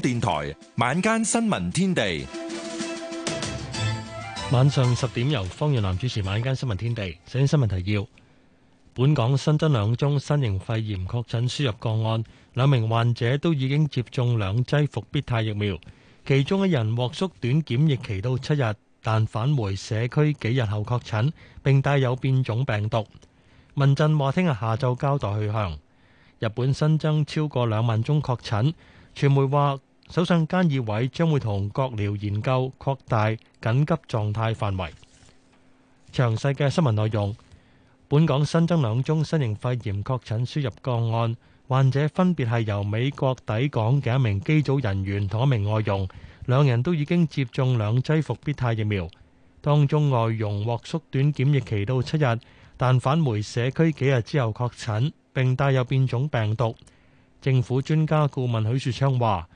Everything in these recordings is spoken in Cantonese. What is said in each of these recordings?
電台晚間新聞天地，晚上十點由方耀南主持晚間新聞天地。首先新聞提要：本港新增兩宗新型肺炎確診輸入個案，兩名患者都已經接種兩劑復必泰疫苗，其中一人獲縮短檢疫期到七日，但返回社區幾日後確診，並帶有變種病毒。民陣話聽日下晝交代去向。日本新增超過兩萬宗確診，傳媒話。首相菅義偉將會同國療研究擴大緊急狀態範圍。詳細嘅新聞內容，本港新增兩宗新型肺炎確診輸入個案，患者分別係由美國抵港嘅一名機組人員同一名外傭，兩人都已經接種兩劑復必泰疫苗。當中外傭獲縮短檢疫期到七日，但返回社區幾日之後確診，並帶有變種病毒。政府專家顧問許樹昌話。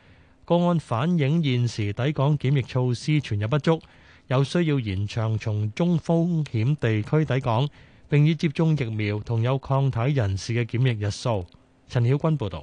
個案反映現時抵港檢疫措施存有不足，有需要延長從中風險地區抵港並已接種疫苗同有抗體人士嘅檢疫日數。陳曉君報導。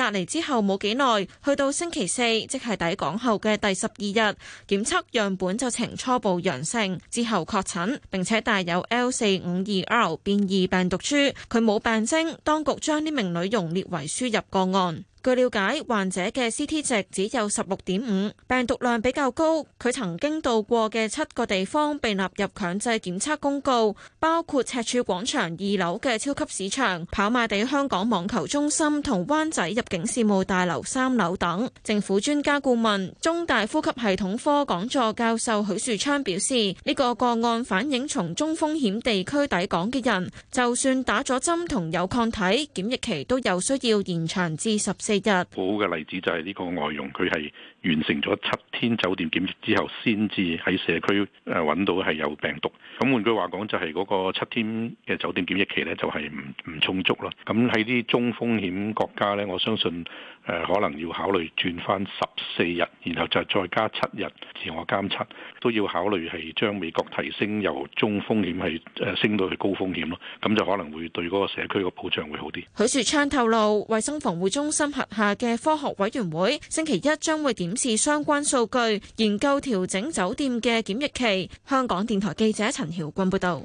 隔離之後冇幾耐，去到星期四，即係抵港後嘅第十二日，檢測樣本就呈初步陽性，之後確診，並且帶有 L 四五二 R 變異病毒株，佢冇病徵，當局將呢名女傭列為輸入個案。據了解，患者嘅 CT 值只有十六點五，病毒量比較高。佢曾經到過嘅七個地方被納入強制檢測公告，包括赤柱廣場二樓嘅超級市場、跑馬地香港網球中心同灣仔入境事務大樓三樓等。政府專家顧問、中大呼吸系統科講座教授許樹昌表示，呢、這個個案反映從中風險地區抵港嘅人，就算打咗針同有抗體，檢疫期都有需要延長至十四。好嘅例子就係呢個外傭，佢係完成咗七天酒店檢疫之後，先至喺社區誒揾到係有病毒。咁換句話講，就係嗰個七天嘅酒店檢疫期呢，就係唔唔充足咯。咁喺啲中風險國家呢，我相信。誒，可能要考慮轉翻十四日，然後就再加七日自我監測，都要考慮係將美國提升由中風險係誒升到去高風險咯。咁就可能會對嗰個社區個保障會好啲。許樹昌透露，衞生防護中心轄下嘅科學委員會星期一將會檢視相關數據，研究調整酒店嘅檢疫期。香港電台記者陳曉君報導。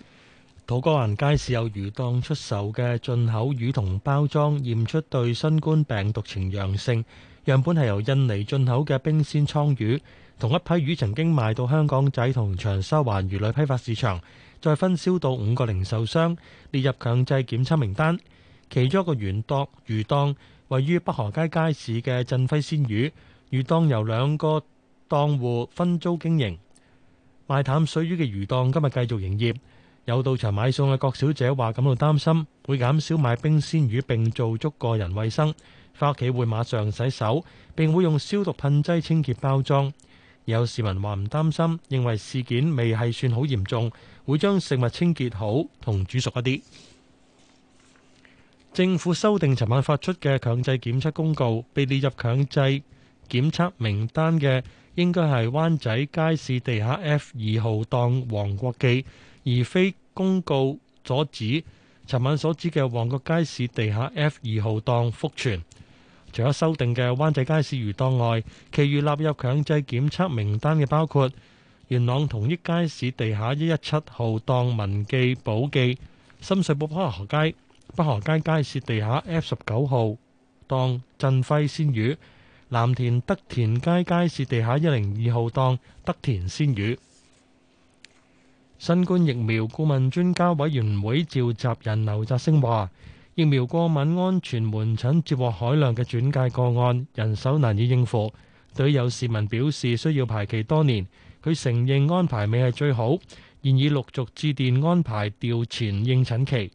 土瓜灣街市有魚檔出售嘅進口魚同包裝，驗出對新冠病毒呈陽性。樣本係由印尼進口嘅冰鮮倉魚，同一批魚曾經賣到香港仔同長沙灣魚類批發市場，再分銷到五個零售商，列入強制檢測名單。其中一個元檔魚檔位於北河街街市嘅振輝鮮魚魚檔，由兩個檔戶分租經營，賣淡水魚嘅魚檔今日繼續營業。有到場買餸嘅郭小姐話：感到擔心，會減少買冰鮮魚，並做足個人衞生，返屋企會馬上洗手，並會用消毒噴劑清潔包裝。有市民話唔擔心，認為事件未係算好嚴重，會將食物清潔好同煮熟一啲。政府修訂尋晚發出嘅強制檢測公告，被列入強制檢測名單嘅應該係灣仔街市地下 F 二號檔黃國記，而非。公告阻止，尋晚所指嘅旺角街市地下 F 二號檔復存。除咗修訂嘅灣仔街市魚檔外，其餘納入強制檢測名單嘅包括元朗同益街市地下一一七號檔文記寶記、深水埗北河街北河街街市地下 F 十九號檔振輝鮮魚、藍田德田街街市地下一零二號檔德田鮮魚。新冠疫苗顧問專家委員會召集人劉澤星話，疫苗過敏安全門診接獲海量嘅轉介個案，人手難以應付。對有市民表示需要排期多年，佢承認安排未係最好，現已陸續致電安排調前應診期。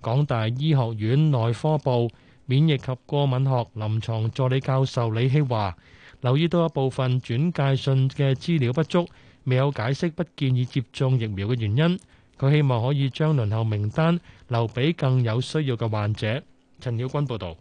港大醫學院內科部免疫及過敏學臨床助理教授李希華留意到一部分轉介信嘅資料不足。未有解釋不建議接種疫苗嘅原因。佢希望可以將輪候名單留俾更有需要嘅患者。陳曉君報導。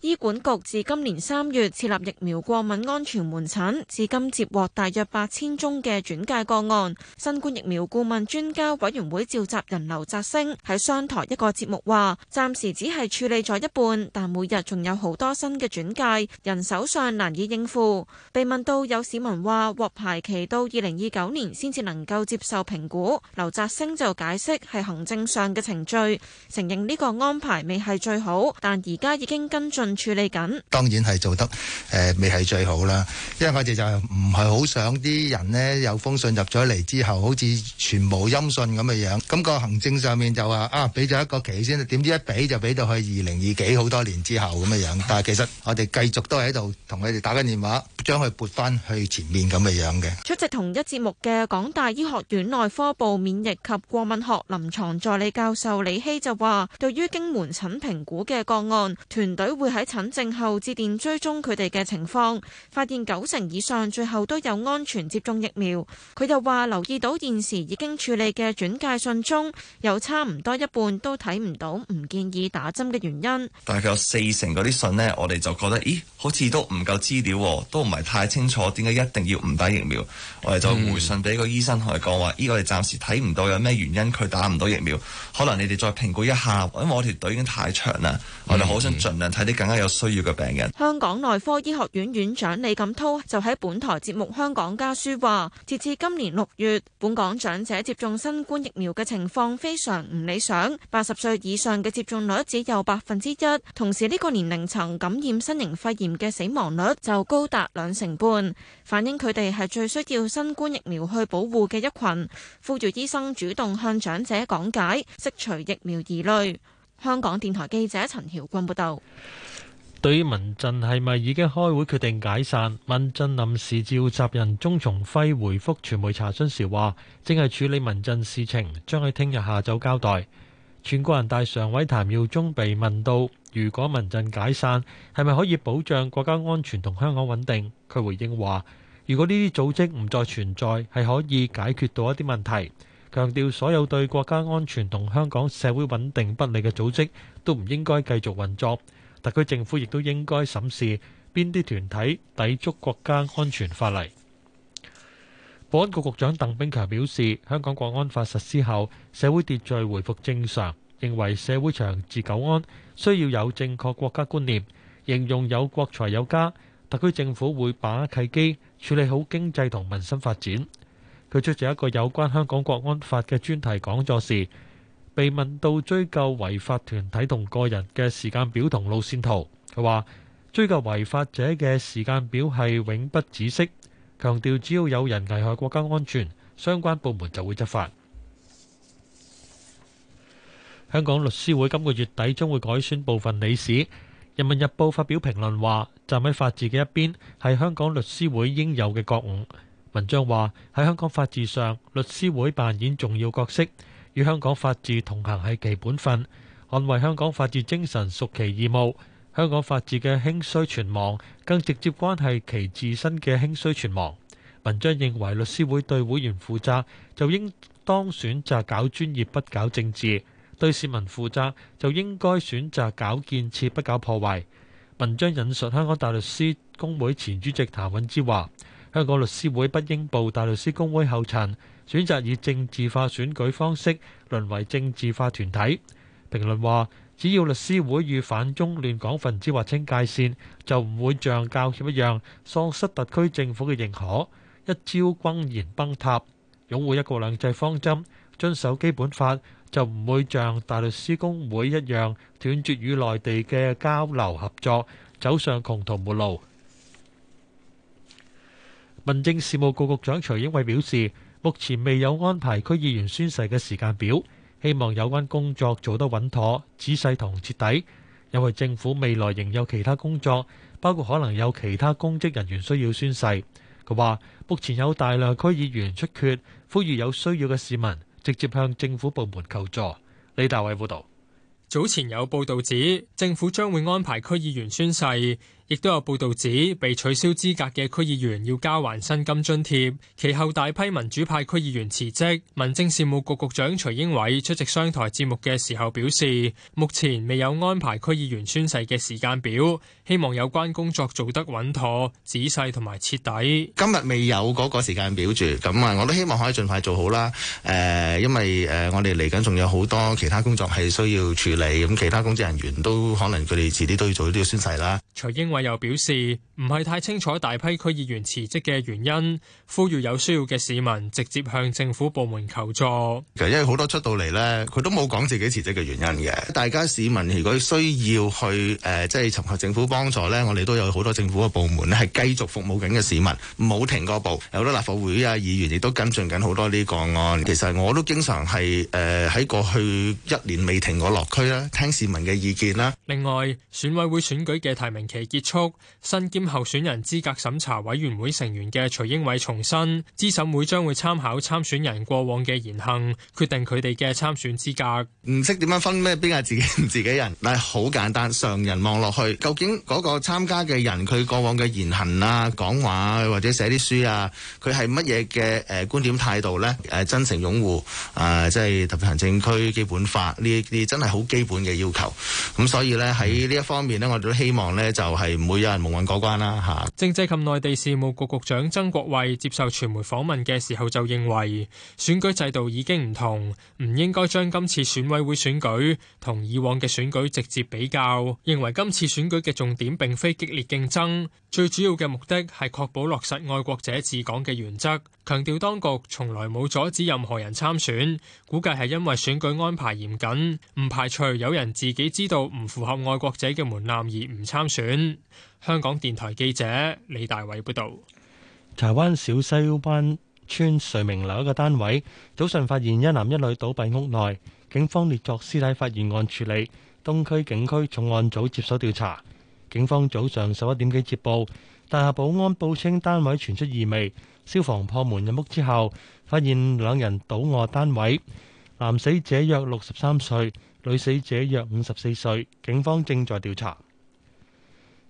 醫管局自今年三月設立疫苗過敏安全門診，至今接獲大約八千宗嘅轉介個案。新冠疫苗顧問專家委員會召集人劉澤星喺商台一個節目話：暫時只係處理咗一半，但每日仲有好多新嘅轉介，人手上難以應付。被問到有市民話獲排期到二零二九年先至能夠接受評估，劉澤星就解釋係行政上嘅程序，承認呢個安排未係最好，但而家已經跟進。處理緊，當然係做得誒、呃，未係最好啦。因為我哋就唔係好想啲人呢。有封信入咗嚟之後，好似全無音訊咁嘅樣。咁、那個行政上面就話啊，俾咗一個期先，點知一俾就俾到去二零二幾好多年之後咁嘅樣。但係其實我哋繼續都喺度同佢哋打緊電話，將佢撥翻去前面咁嘅樣嘅。出席同一節目嘅港大醫學院內科部免疫及過敏學臨牀助理教授李希就話，對於經門診評估嘅個案，團隊會喺。喺診症後致電追蹤佢哋嘅情況，發現九成以上最後都有安全接種疫苗。佢又話留意到現時已經處理嘅轉介信中有差唔多一半都睇唔到，唔建議打針嘅原因。大概有四成嗰啲信呢，我哋就覺得咦，好似都唔夠資料，都唔係太清楚點解一定要唔打疫苗。我哋就回信俾個醫生，同佢講話：依個我暫時睇唔到有咩原因，佢打唔到疫苗。可能你哋再評估一下，因為我條隊已經太長啦，我哋好想盡量睇啲更有需要嘅病人，香港內科醫學院院長李錦濤就喺本台節目《香港家書》話，截至今年六月，本港長者接種新冠疫苗嘅情況非常唔理想，八十歲以上嘅接種率只有百分之一。同時呢個年齡層感染新型肺炎嘅死亡率就高達兩成半，反映佢哋係最需要新冠疫苗去保護嘅一群。呼籲醫生主動向長者講解，釋除疫苗疑慮。香港電台記者陳曉君報道。對於民陣係咪已經開會決定解散？民陣臨時召集人鍾松輝回覆傳媒查詢時話：正係處理民陣事情，將喺聽日下晝交代。全國人大常委譚耀宗被問到，如果民陣解散係咪可以保障國家安全同香港穩定？佢回應話：如果呢啲組織唔再存在，係可以解決到一啲問題。強調所有對國家安全同香港社會穩定不利嘅組織都唔應該繼續運作。特區政府亦都應該審視邊啲團體抵觸國家安全法例。保安局局長鄧炳強表示，香港國安法實施後，社會秩序回復正常，認為社會長治久安需要有正確國家觀念，形容有國才有家。特區政府會把握契機，處理好經濟同民生發展。佢出席一個有關香港國安法嘅專題講座時。被問到追究違法團體同個人嘅時間表同路線圖，佢話追究違法者嘅時間表係永不止息，強調只要有人危害國家安全，相關部門就會執法。香港律師會今個月底將會改選部分理事，《人民日報》發表評論話：站喺法治嘅一邊係香港律師會應有嘅覺悟。文章話喺香港法治上，律師會扮演重要角色。與香港法治同行係其本分，捍衛香港法治精神屬其義務。香港法治嘅興衰存亡，更直接關係其自身嘅興衰存亡。文章認為，律師會對會員負責，就應當選擇搞專業不搞政治；對市民負責，就應該選擇搞建設不搞破壞。文章引述香港大律師公會前主席譚允芝話：香港律師會不應步大律師公會後塵。選擇以政治化選舉方式淪為政治化團體，評論話：只要律師會與反中亂港分子劃清界線，就唔會像教協一樣喪失特區政府嘅認可，一朝轟然崩塌；擁護一國兩制方針、遵守基本法，就唔會像大律師公會一樣斷絕與內地嘅交流合作，走上窮途末路。民政事務局局長徐英偉表示。目前未有安排區議員宣誓嘅時間表，希望有關工作做得穩妥、仔細同徹底。因為政府未來仍有其他工作，包括可能有其他公職人員需要宣誓。佢話：目前有大量區議員出缺，呼籲有需要嘅市民直接向政府部門求助。李大偉報道。早前有報道指，政府將會安排區議員宣誓。亦都有報道指被取消資格嘅區議員要交還薪金津貼，其後大批民主派區議員辭職。民政事務局局長徐英偉出席商台節目嘅時候表示，目前未有安排區議員宣誓嘅時間表，希望有關工作做得穩妥、仔細同埋徹底。今日未有嗰個時間表住，咁啊，我都希望可以盡快做好啦。誒，因為誒，我哋嚟緊仲有好多其他工作係需要處理，咁其他公職人員都可能佢哋遲啲都要做呢啲宣誓啦。徐英偉，又表示唔係太清楚大批區議員辭職嘅原因，呼籲有需要嘅市民直接向政府部門求助。其實因為，好多出到嚟咧，佢都冇講自己辭職嘅原因嘅。大家市民如果需要去誒，即係尋求政府幫助咧，我哋都有好多政府嘅部門咧係繼續服務緊嘅市民，冇停過步。有好多立法會啊，議員亦都跟進緊好多呢個案。其實我都經常係誒喺過去一年未停過落區啦，聽市民嘅意見啦。另外，選委會選舉嘅提名期結束。促新兼候選人資格審查委員會成員嘅徐英偉重申，資審會將會參考參選人過往嘅言行，決定佢哋嘅參選資格。唔識點樣分咩邊係自己人，自己人，但係好簡單，常人望落去，究竟嗰個參加嘅人，佢過往嘅言行啊、講話啊、或者寫啲書啊，佢係乜嘢嘅，誒觀點態度咧？誒，真誠擁護啊，即係特別行政區基本法呢一啲真係好基本嘅要求。咁所以咧喺呢一方面咧，我哋都希望咧就係、是。唔會有人蒙混過關啦嚇。政制及內地事務局局長曾國衛接受傳媒訪問嘅時候就認為，選舉制度已經唔同，唔應該將今次選委會選舉同以往嘅選舉直接比較。認為今次選舉嘅重點並非激烈競爭，最主要嘅目的係確保落實愛國者治港嘅原則。強調，當局從來冇阻止任何人參選，估計係因為選舉安排嚴謹，唔排除有人自己知道唔符合愛國者嘅門檻而唔參選。香港電台記者李大偉報導。柴灣小西灣村瑞明樓一個單位，早上發現一男一女倒斃屋內，警方列作屍體發現案處理。東區警區重案組接手調查。警方早上十一點幾接報，大廈保安報稱單位傳出異味。消防破門入屋之後，發現兩人倒卧單位，男死者約六十三歲，女死者約五十四歲。警方正在調查。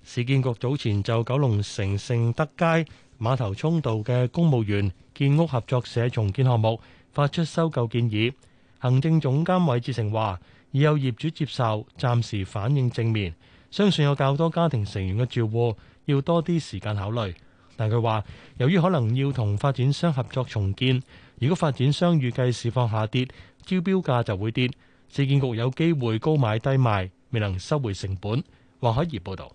市建局早前就九龍城盛德街碼頭涌道嘅公務員建屋合作社重建項目發出收購建議，行政總監韋志成話：已有業主接受，暫時反應正面，相信有較多家庭成員嘅住戶要多啲時間考慮。但佢話，由於可能要同發展商合作重建，如果發展商預計市況下跌，招標價就會跌，市建局有機會高買低賣，未能收回成本。黃海怡報道。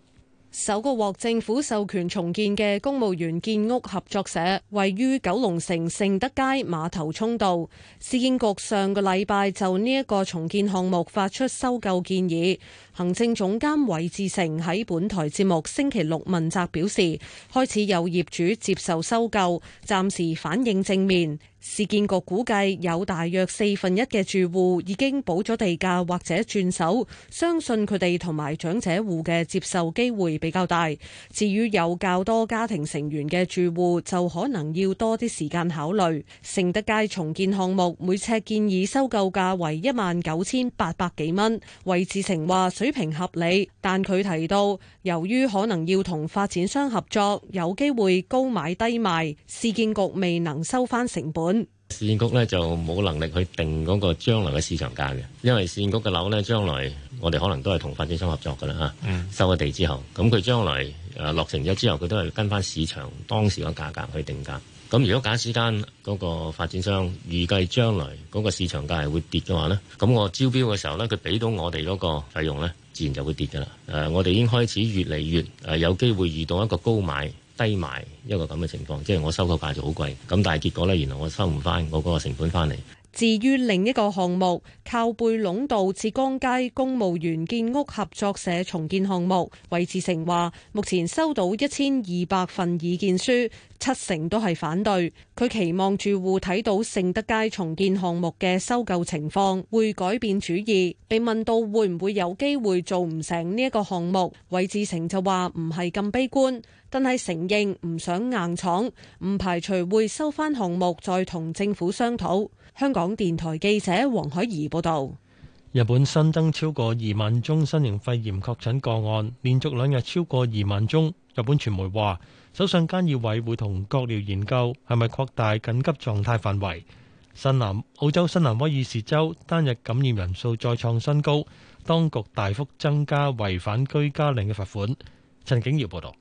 首個獲政府授權重建嘅公務員建屋合作社，位於九龍城盛德街馬頭涌道。市建局上個禮拜就呢一個重建項目發出收購建議。行政總監韋志成喺本台節目星期六問責表示，開始有業主接受收購，暫時反映正面。市建局估計有大約四分一嘅住戶已經補咗地價或者轉手，相信佢哋同埋長者戶嘅接受機會比較大。至於有較多家庭成員嘅住戶，就可能要多啲時間考慮。盛德街重建項目每尺建議收購價為一萬九千八百幾蚊，韋志成話水平合理，但佢提到由於可能要同發展商合作，有機會高買低賣，市建局未能收翻成本。市建局咧就冇能力去定嗰個將來嘅市場價嘅，因為市建局嘅樓咧將來我哋可能都係同發展商合作嘅啦嚇，嗯、收咗地之後，咁佢將來誒、呃、落成咗之後，佢都係跟翻市場當時個價格去定價。咁如果假使間嗰個發展商預計將來嗰個市場價係會跌嘅話咧，咁我招標嘅時候咧，佢俾到我哋嗰個費用咧，自然就會跌嘅啦。誒、呃，我哋已經開始越嚟越誒、呃、有機會遇到一個高買。低埋一個咁嘅情況，即係我收購價就好貴咁，但係結果呢，原來我收唔翻我嗰個成本翻嚟。至於另一個項目，靠背壟道浙江街公務員建屋合作社重建項目，韋志成話目前收到一千二百份意見書，七成都係反對。佢期望住戶睇到盛德街重建項目嘅收購情況會改變主意。被問到會唔會有機會做唔成呢一個項目，韋志成就話唔係咁悲觀。但係承認唔想硬闖，唔排除會收翻項目，再同政府商討。香港電台記者黃海怡報道。日本新增超過二萬宗新型肺炎確診個案，連續兩日超過二萬宗。日本傳媒話，首相菅義偉會同閣僚研究係咪擴大緊急狀態範圍。新南澳洲新南威爾士州單日感染人數再創新高，當局大幅增加違反居家令嘅罰款。陳景堯報道。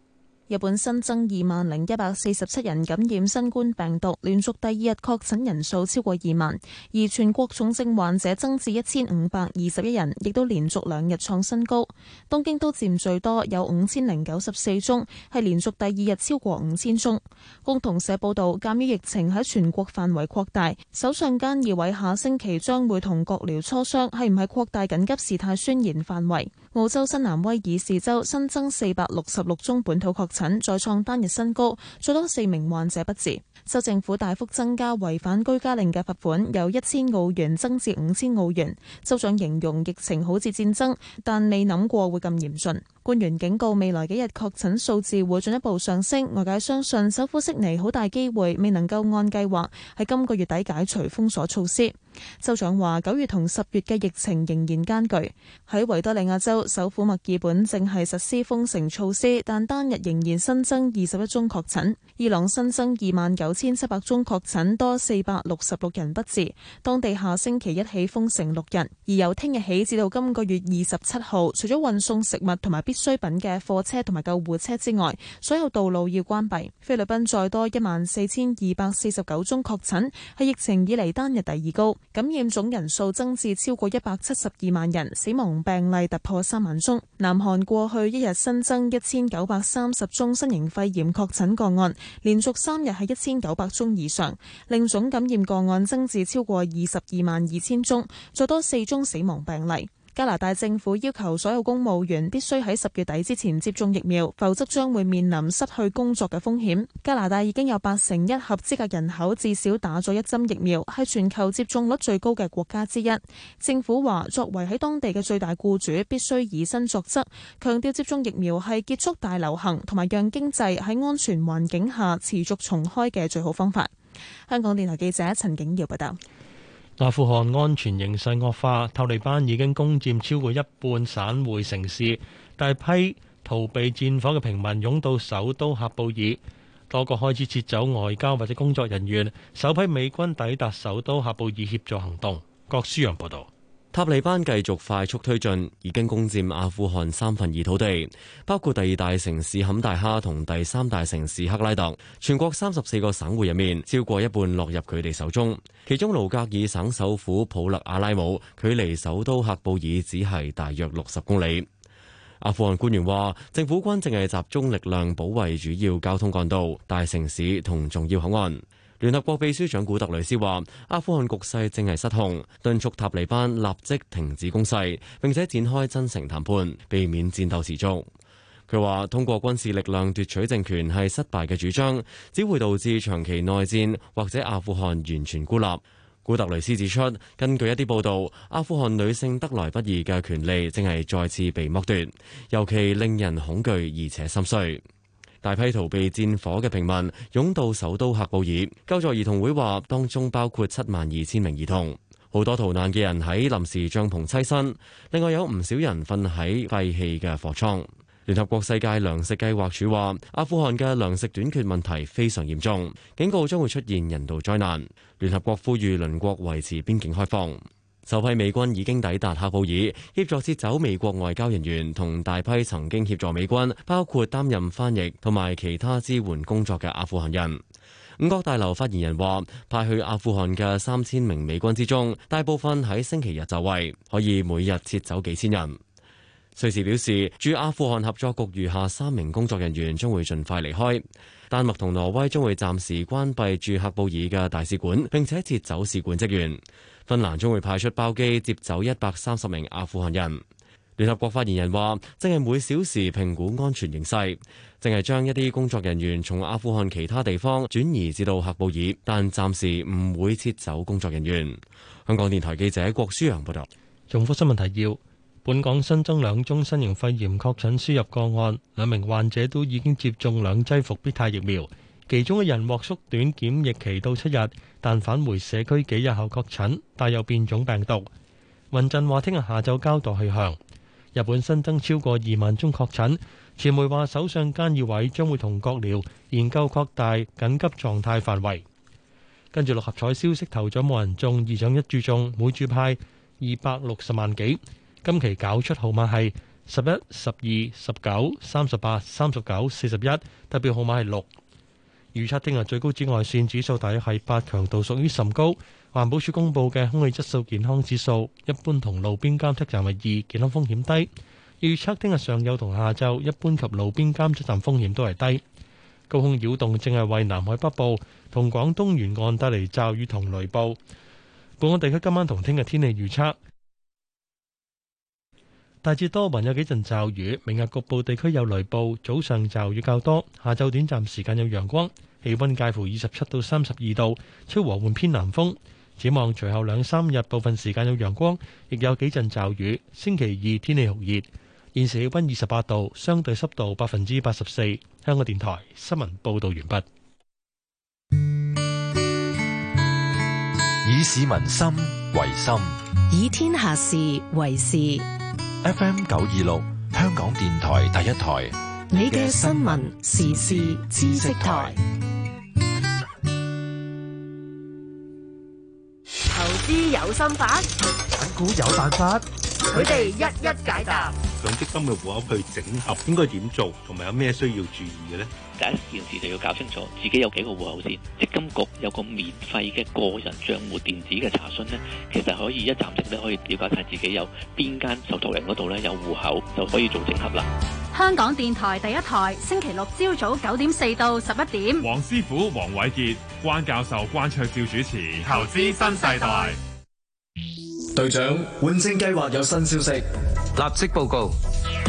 日本新增二萬零一百四十七人感染新冠病毒，連續第二日確診人數超過二萬，而全國重症患者增至一千五百二十一人，亦都連續兩日創新高。東京都佔最多，有五千零九十四宗，係連續第二日超過五千宗。共同社報導，鑑於疫情喺全國範圍擴大，首相菅義偉下星期將會同閣僚磋商，係唔係擴大緊急事態宣言範圍。澳洲新南威爾士州新增四百六十六宗本土確診，再創單日新高，最多四名患者不治。州政府大幅增加違反居家令嘅罰款，由一千澳元增至五千澳元。州長形容疫情好似戰爭，但未諗過會咁嚴峻。官員警告未來幾日確診數字會進一步上升。外界相信，首府悉尼好大機會未能夠按計劃喺今個月底解除封鎖措施。州長話：九月同十月嘅疫情仍然艱巨。喺維多利亞州首府墨爾本正係實施封城措施，但單日仍然新增二十一宗確診。伊朗新增二萬九千七百宗確診，多四百六十六人不治。當地下星期一起封城六日，而由聽日起至到今個月二十七號，除咗運送食物同埋必需品嘅貨車同埋救護車之外，所有道路要關閉。菲律賓再多一萬四千二百四十九宗確診，係疫情以嚟單日第二高。感染總人數增至超過一百七十二萬人，死亡病例突破三萬宗。南韓過去一日新增一千九百三十宗新型肺炎確診個案，連續三日係一千九百宗以上，令總感染個案增至超過二十二萬二千宗，再多四宗死亡病例。加拿大政府要求所有公務員必須喺十月底之前接種疫苗，否則將會面臨失去工作嘅風險。加拿大已經有八成一合資格人口至少打咗一針疫苗，係全球接種率最高嘅國家之一。政府話，作為喺當地嘅最大僱主，必須以身作則，強調接種疫苗係結束大流行同埋讓經濟喺安全環境下持續重開嘅最好方法。香港電台記者陳景瑤報道。阿富汗安全形勢惡化，塔利班已經攻佔超過一半省會城市，大批逃避戰火嘅平民湧到首都喀布爾，多國開始撤走外交或者工作人員，首批美軍抵達首都喀布爾協助行動，郭書陽報道。塔利班繼續快速推進，已經攻佔阿富汗三分二土地，包括第二大城市坎大哈同第三大城市克拉特。全國三十四個省會入面，超過一半落入佢哋手中。其中，盧格爾省首府普勒阿拉姆，距離首都喀布爾只係大約六十公里。阿富汗官員話，政府軍淨係集中力量保衛主要交通幹道、大城市同重要口岸。聯合國秘書長古特雷斯話：阿富汗局勢正係失控，敦促塔利班立即停止攻勢，並且展開真誠談判，避免戰鬥持續。佢話：通過軍事力量奪取政權係失敗嘅主張，只會導致長期內戰或者阿富汗完全孤立。古特雷斯指出，根據一啲報道，阿富汗女性得來不易嘅權利正係再次被剝奪，尤其令人恐懼而且心碎。大批逃避戰火嘅平民湧到首都喀布爾，救助兒童會話，當中包括七萬二千名兒童。好多逃難嘅人喺臨時帳篷棲身，另外有唔少人瞓喺廢棄嘅貨倉。聯合國世界糧食計劃署話，阿富汗嘅糧食短缺問題非常嚴重，警告將會出現人道災難。聯合國呼籲鄰國維持邊境開放。首批美軍已經抵達喀布爾，協助撤走美國外交人員同大批曾經協助美軍，包括擔任翻譯同埋其他支援工作嘅阿富汗人。五角大樓發言人話：派去阿富汗嘅三千名美軍之中，大部分喺星期日就位，可以每日撤走幾千人。瑞士表示，駐阿富汗合作局餘下三名工作人員將會盡快離開。丹麥同挪威將會暫時關閉駐喀布爾嘅大使館，並且撤走使館職員。芬蘭將會派出包機接走一百三十名阿富汗人。聯合國發言人話，正係每小時評估安全形勢，淨係將一啲工作人員從阿富汗其他地方轉移至到喀布爾，但暫時唔會撤走工作人員。香港電台記者郭舒揚報道，重覆新聞提要：本港新增兩宗新型肺炎確診輸入個案，兩名患者都已經接種兩劑復必泰疫苗。其中嘅人獲縮短檢疫期到七日，但返回社區幾日後確診帶有變種病毒。雲鎮話：聽日下晝交代去向。日本新增超過二萬宗確診。傳媒話，首相菅義偉將會同國聊研究擴大緊急狀態範圍。跟住六合彩消息，頭獎冇人中，二獎一注中，每注派二百六十萬幾。今期搞出號碼係十一、十二、十九、三十八、三十九、四十一，特別號碼係六。預測聽日最高紫外線指數大約係八，強度屬於甚高。環保署公布嘅空氣質素健康指數，一般同路邊監測站係二，健康風險低。預測聽日上午同下晝，一般及路邊監測站風險都係低。高空擾動正係為南海北部同廣東沿岸帶嚟驟雨同雷暴。本港地區今晚同聽日天氣預測。大致多雲，有幾陣驟雨。明日局部地區有雷暴，早上驟雨較多，下晝短暫時間有陽光。氣温介乎二十七到三十二度，吹和緩偏南風。展望隨後兩三日，部分時間有陽光，亦有幾陣驟雨。星期二天氣酷熱。現時氣温二十八度，相對濕度百分之八十四。香港電台新聞報道完畢。以市民心為心，以天下事為事。FM 九二六，香港電台第一台，你嘅新聞時事知識台，投資有心法，港股有辦法，佢哋一一解答。強積金嘅戶口去整合，應該點做？同埋有咩需要注意嘅呢？第一件事就要搞清楚自己有幾個戶口先。積金局有個免費嘅個人帳戶電子嘅查詢，呢其實可以一站式咧，可以了解下自己有邊間受託人嗰度咧，有戶口，就可以做整合啦。香港電台第一台星期六朝早九點四到十一點。黃師傅、黃偉傑、關教授、關卓照主持投資新世代，隊長換星計劃有新消息。立即報告！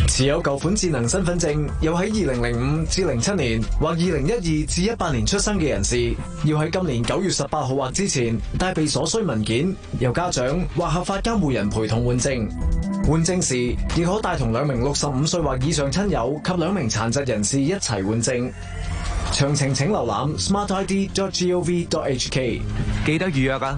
持有舊款智能身份證又喺二零零五至零七年或二零一二至一八年出生嘅人士，要喺今年九月十八號或之前帶備所需文件，由家長或合法監護人陪同換證。換證時亦可帶同兩名六十五歲或以上親友及兩名殘疾人士一齊換證。詳情請瀏覽 smartid.gov.hk。記得預約啊！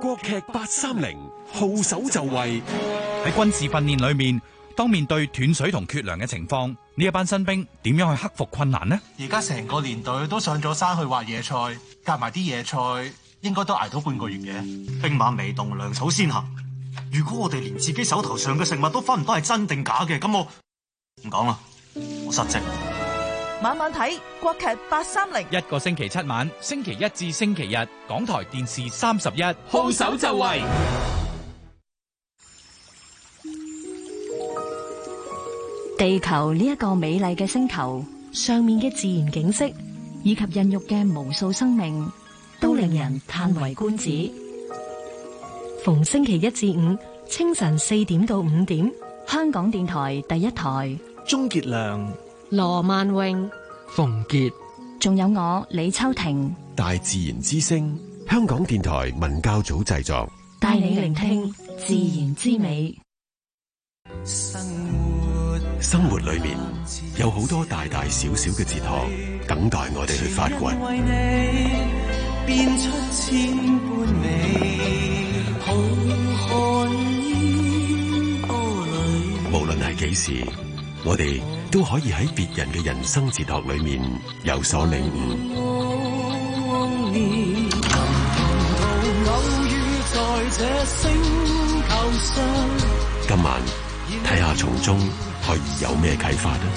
國劇八三零，號手就位。喺軍事訓練裏面，當面對斷水同缺糧嘅情況，呢一班新兵點樣去克服困難呢？而家成個連隊都上咗山去挖野菜，夾埋啲野菜應該都挨到半個月嘅。兵馬未動，糧草先行。如果我哋連自己手頭上嘅食物都分唔到係真定假嘅，咁我唔講啦，我失職。晚晚睇國劇八三零，一個星期七晚，星期一至星期日，港台電視三十一，號手就位。地球呢一個美麗嘅星球，上面嘅自然景色以及孕育嘅無數生命，都令人嘆為觀止。嗯、逢星期一至五，清晨四點到五點，香港電台第一台，鍾杰良。羅萬榮、馮杰，仲有我、李秋婷。大自然之聲，香港電台文教組製作，帶你聆聽自然之美。生活，生活裏面有好多大大小小嘅哲學，等待我哋去發掘。無論係幾時，我哋。都可以喺別人嘅人生哲學裏面有所領悟。今晚睇下從中可以有咩啟發呢？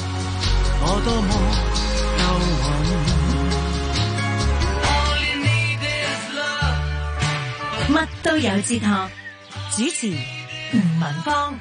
乜都有哲學，主持吳文芳。